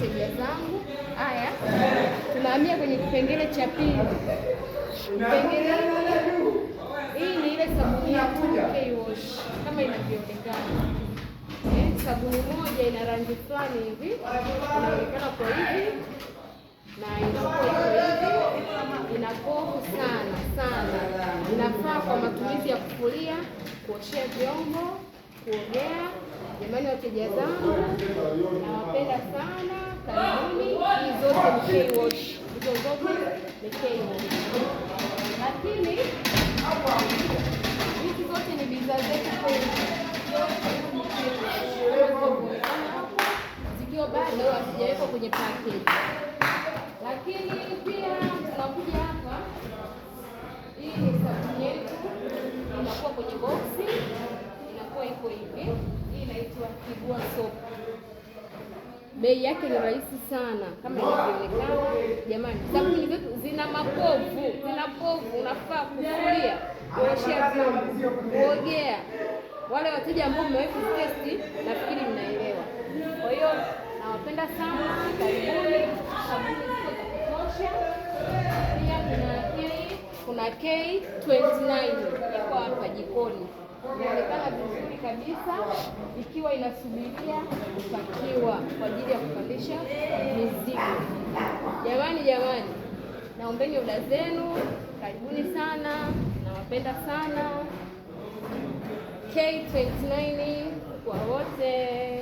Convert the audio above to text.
inaitwa tunahamia kwenye kipengele cha pili. Kipengele hii ni ile sabuni ya kuoshea kama inavyoonekana sabuni moja ina rangi fulani hivi inaonekana kwa hivi na inakuwa hivi, ina povu sana sana. Inafaa kwa matumizi ya kufulia, kuoshea vyombo, kuogea. Jamani wateja zangu, nawapenda sana, karibuni. Hii zote ni K-Wash, hizo zote ni K-Wash lakini hiyo bado hazijawekwa kwenye package, lakini pia tunakuja hapa, hii ni sabuni yetu inakuwa kwenye boksi, inakuwa iko hivi. Hii inaitwa Kibua soap, bei yake ni rahisi sana kama inavyoonekana. Jamani, sabuni zetu zina makovu, zina povu, unafaa kufulia, kuoshea vyombo, kuogea. Wale wateja ambao mmeweka testi, nafikiri mnaelewa. Kwa hiyo Nawapenda sana, karibuni. Sabuni ziko za kuna K29 iko hapa jikoni, inaonekana vizuri kabisa, ikiwa inasubiria kupakiwa kwa ajili ya kupandisha mizigo. Jamani, jamani, naombeni oda zenu. Karibuni sana, nawapenda sana. K29 kwa wote.